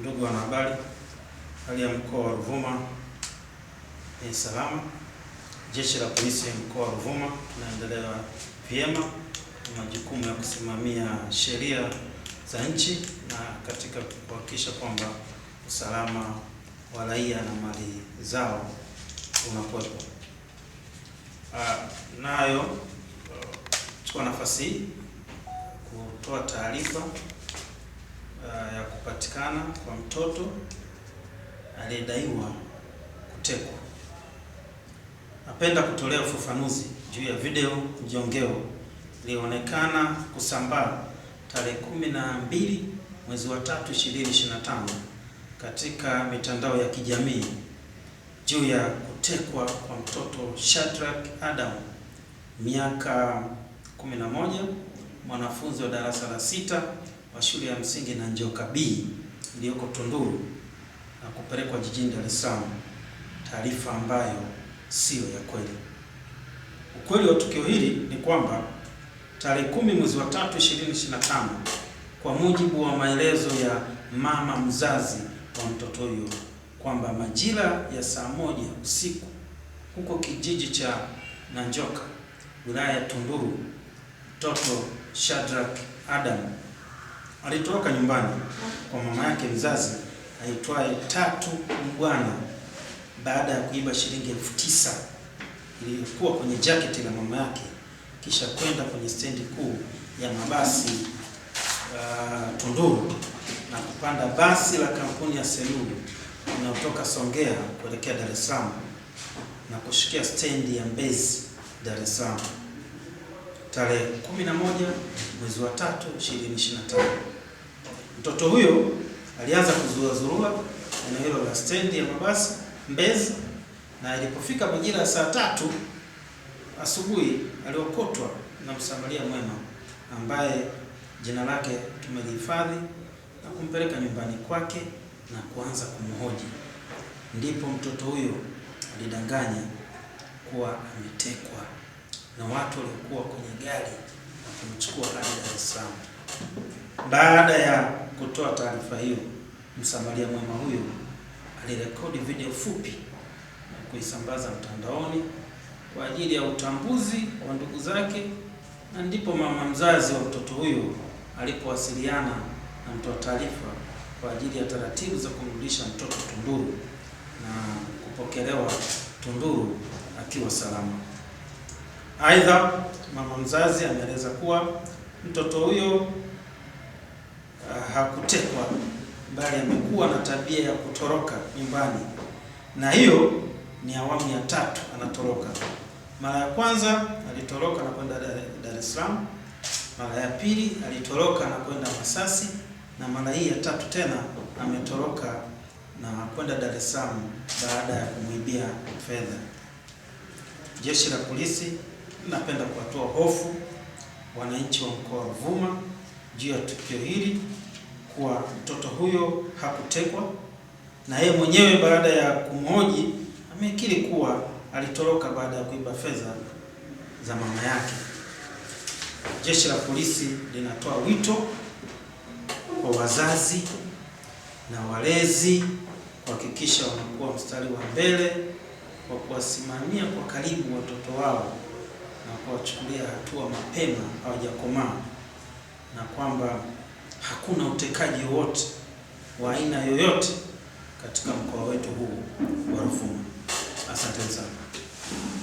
Ndugu wanahabari, hali ya mkoa wa Ruvuma ni salama. Jeshi la polisi mkoa wa Ruvuma tunaendelea vyema na majukumu ya kusimamia sheria za nchi na katika kuhakikisha kwamba usalama wa raia na mali zao unakuwepo. Ah, nayo chukua nafasi hii kutoa taarifa Eh, ya kupatikana kwa mtoto aliyedaiwa kutekwa. Napenda kutolea ufafanuzi juu ya video mjongeo ilionekana kusambaa tarehe na mbili mwezi wa 3 2025 katika mitandao ya kijamii juu ya kutekwa kwa mtoto Shadrack Adam miaka 11 mwanafunzi wa darasa la sita wa shule ya msingi na Njoka B iliyoko Tunduru na kupelekwa jijini Dar es Salaam, taarifa ambayo siyo ya kweli. Ukweli wa tukio hili ni kwamba tarehe kumi mwezi wa tatu 2025 kwa mujibu wa maelezo ya mama mzazi wa mtoto huyo kwamba majira ya saa moja usiku huko kijiji cha Nanjoka wilaya ya Tunduru mtoto Shadrack Adam Alitoroka nyumbani kwa mama yake mzazi aitwaye Tatu Mbwana baada ya kuiba shilingi elfu tisa iliyokuwa kwenye jaketi la mama yake, kisha kwenda kwenye stendi kuu ya mabasi uh, Tunduru na kupanda basi la kampuni ya Selulu inayotoka Songea kuelekea Dar es Salaam na kushikia stendi ya Mbezi Dar es Salaam tarehe 11 mwezi wa 3 2025. Mtoto huyo alianza kuzuazurua eneo hilo la stendi ya mabasi Mbezi, na ilipofika majira ya saa tatu asubuhi aliokotwa na msamaria mwema ambaye jina lake tumelihifadhi na kumpeleka nyumbani kwake na kuanza kumhoji. Ndipo mtoto huyo alidanganya kuwa ametekwa na watu waliokuwa kwenye gari na kumchukua hadi Dar es Salaam. Baada ya kutoa taarifa hiyo, msamaria mwema huyo alirekodi video fupi na kuisambaza mtandaoni kwa ajili ya utambuzi wa ndugu zake, na ndipo mama mzazi wa mtoto huyo alipowasiliana na mtoa taarifa kwa ajili ya taratibu za kumrudisha mtoto Tunduru na kupokelewa Tunduru akiwa salama. Aidha, mama mzazi ameeleza kuwa mtoto huyo uh, hakutekwa bali amekuwa na tabia ya kutoroka nyumbani, na hiyo ni awamu ya tatu anatoroka. Mara ya kwanza alitoroka na kwenda Dar es Salaam, mara ya pili alitoroka na kwenda Masasi, na mara hii ya tatu tena ametoroka na kwenda Dar es Salaam baada ya kumwibia fedha. Jeshi la polisi Napenda kuwatoa hofu wananchi wa mkoa wa Ruvuma juu ya tukio hili kuwa mtoto huyo hakutekwa, na yeye mwenyewe baada ya kumhoji amekiri kuwa alitoroka baada ya kuiba fedha za mama yake. Jeshi la polisi linatoa wito kwa wazazi na walezi kuhakikisha wanakuwa mstari wa mbele kwa kuwasimamia kwa karibu watoto wao na kuwachukulia hatua mapema hawajakomaa, na kwamba hakuna utekaji wowote wa aina yoyote katika mkoa wetu huu wa Ruvuma. Asanteni sana.